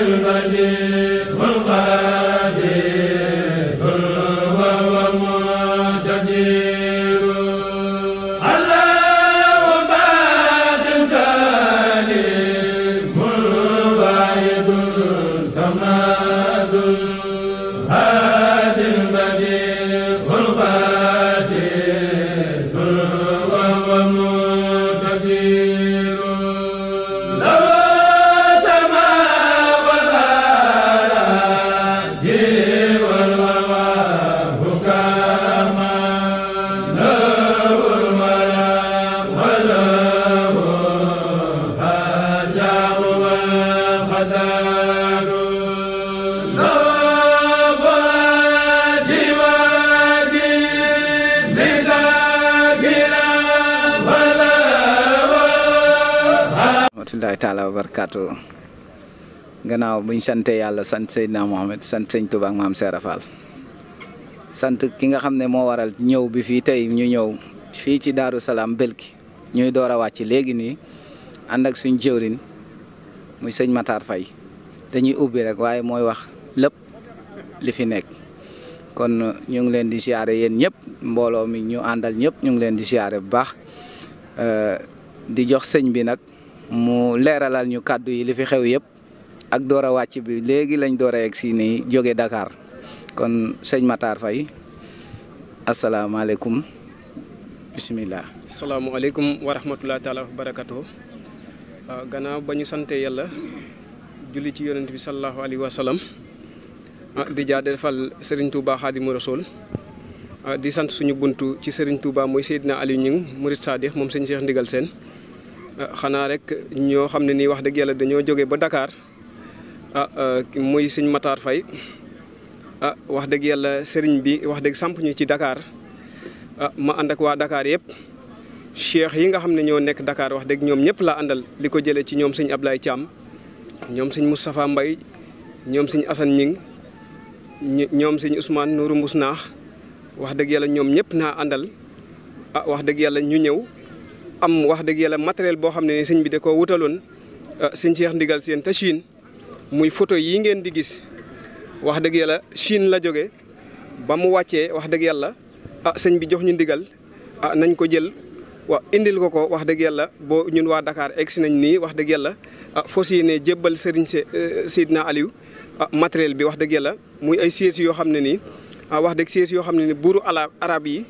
البديع rahmatullahi taala wa barakaatu gannaaw bu sante yàlla sant Seydina Mohamed sant sëñ Tuubaa ak maam Seera Fall sant ki nga xam ne moo waral ñëw bi fii tey ñu ñëw fii ci Daaru Salaam Belki ñuy door a wàcc léegi ni ànd suñ jëwrin muy sëñ mataar Faye dañuy ubbi rek waaye mooy wax lépp li fi nekk kon ñu ngi leen di siyaare yéen ñëpp mbooloo mi ñu àndal ñëpp ñu ngi leen di siyaare bu baax di jox sëñ bi nag mu leeralal ñu kàddu yi li fi xew yëpp ak door a wàcc bi léegi lañ door a yegg si nii jóge dakaar kon sëñ Matar Faye asalaamaaleykum bisimilah. asalaamaaleykum wa rahmatulah taala wa barakatuh ah, gannaaw ba ñu sante yàlla julli ci yonent bi sallallahu alayhi wa sallam ah, di jaa defal sëriñ Touba Xaadimu Rasul ah, di sant suñu buntu ci Serigne Touba mooy Seydina Aliou Niang Murid moom sëñ Cheikh Ndigal Sène Eh, xana rek ño xamni ni wax deug yalla dañu jóge ba Dakar ah eh, muy sëñ Matar Fay ah wax deug yalla bi wax deug samp ñu ci Dakar ah ma ànd ak Dakar yep cheikh yi nga xamni ño nek Dakar wax deug ñom ñëpp la andal liko ko ci ñom sëñ Ablaye Thiam ñom sëñ Mustafa Mbay ñom sëñ Assane Ning ñom sëñ Ousmane Nourou Mousnaax wax deug yalla ñom ñëpp na andal ah wax deug yalla ñu ñew am wax dëgg yàlla matériel boo xam ne sëñ bi da koo wutaloon ah, sëñ Cheikh Ndigal Sène te Chine muy photo yi ngeen di gis wax dëgg yàlla Chine la jóge ba mu wàccee wax dëgg yàlla a ah, sëñ bi jox ñu ndigal ah nañ ko jël wa indil ko ko wax dëgg yàlla boo ñun waa dakaar egg si nañ nii wax dëgg yàlla a ah fas yéene jébbal sëriñ se eh, Seydina Aliou ah matériel bi wax dëgg yàlla muy ay sièges yoo xam ne nii a ah, wax dëgg sièges yoo xam ne nii buuru ala arab yi.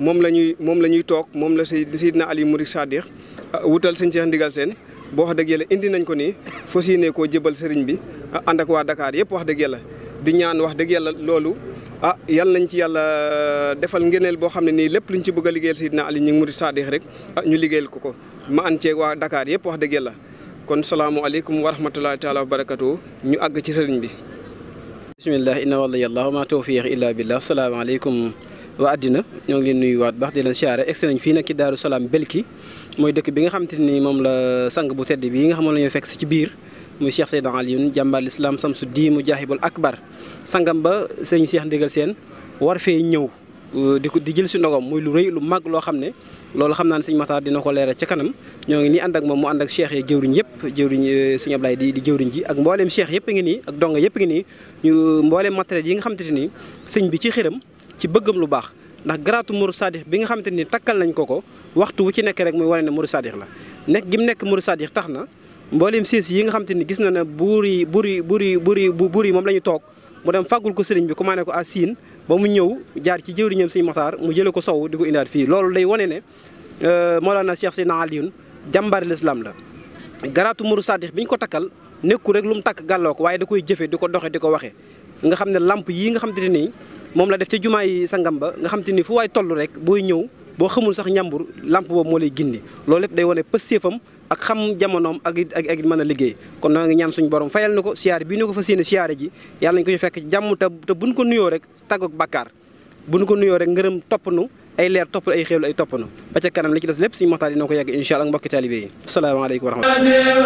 mom lañuy mom lañuy tok mom toog moom la Seydina Ali Murid Sadiq ah, wutal sëñ Cheikh Ndigal sen bo wax deug yalla indi nañ ko ni fas ko koo jëbal sëriñ bi ah, ànd ak waa Dakar yëpp wax deug yalla di ñaan wax deug yalla lolu ah yalla nañ ci yalla ah, defal ngeenel bo xam ni lepp luñ ci bëgg liggéeyal Ali ñu Murid Sadiq rek ñu liggéeyal ko ko ma an ci wa Dakar yëpp wax deug yalla kon alaykum wa rahmatullahi taala wa barakatuh ñu ag ci sëriñ bi bismillah inna wallahi allahumma tawfiq illa billah alaykum wa adina ñoo ngi leen waat bax di leen siyaare ex nañ fi nak ci daru salam Belki moy dëkk bi nga xamanteni ni la sang bu tedd bi nga xamoon lañu fekk ci biir moy Cheikh ali yun jambal islam samsu di mu jahibul akbar sangam ba sëñ Cheikh Ndigal sen war fe ñew euh, di ko di jël ci ndogam moy lu reuy lu mag lo xamne lolu xamna xam mata dina ko kanam ñoo ngi ni ànd ak mu ànd ak cheikh yi jëwriñ yëpp jëwriñ euh, sëñ di di jëwriñ ji ak mbolem cheikh yépp ngi ni ak donga yépp ngi ni ñu mbolem matériel yi nga xamanteni ni bi ci xiram ci bëggam lu baax ndax garaatu murid saadix bi nga xamante ni takkal nañ ko ko waxtu wu ci nekk rek muy wane ne murid saadix la nekk gi mu nekk murid saadix tax na mboolem siis yi nga xam xamante ni gis na ne buur yi buur yi buur yi buur buur yi moom la ñu toog mu dem fàggul ko sëriñ bi commandé ko à Siin ba mu ñëw jaar ci jëwriñam sëñ Maxtaar mu jëlee ko sow di ko indaat fii loolu day wane ne euh, Mawlana Cheikh Seydina Aliyun jàmbaari lislaam la garaatu murid saadix bi ñu ko takkal nekku rek lu mu takk gàlloo ko waaye da koy jëfe di ko di ko waxee nga xam ne lamp yii nga xamante ni moom la def ci jumaa yi sangam ba nga xam te ni fu waay tollu rek booy ñëw boo xamul sax njàmbur lamp boobu moo lay gindi loolu lépp day wane pëstéefam ak xam jamonoom ak ak a liggéey kon noo ñaan suñu borom fayal na ko siyaare bi ñu ko fas yéene siyaare ji yàlla nañu ko ci fekk jàmm te te buñ ko nuyoo rek tàggoog bàkkaar buñ ko nuyoo rek ngërëm topp nu ay leer topp ay xéewlu ay topp nu ba ca kanam li ci des lépp suñu waxtaan dina ko yegg incha allah mbokki taalibe yi salaamaaleykum wa rahmatulah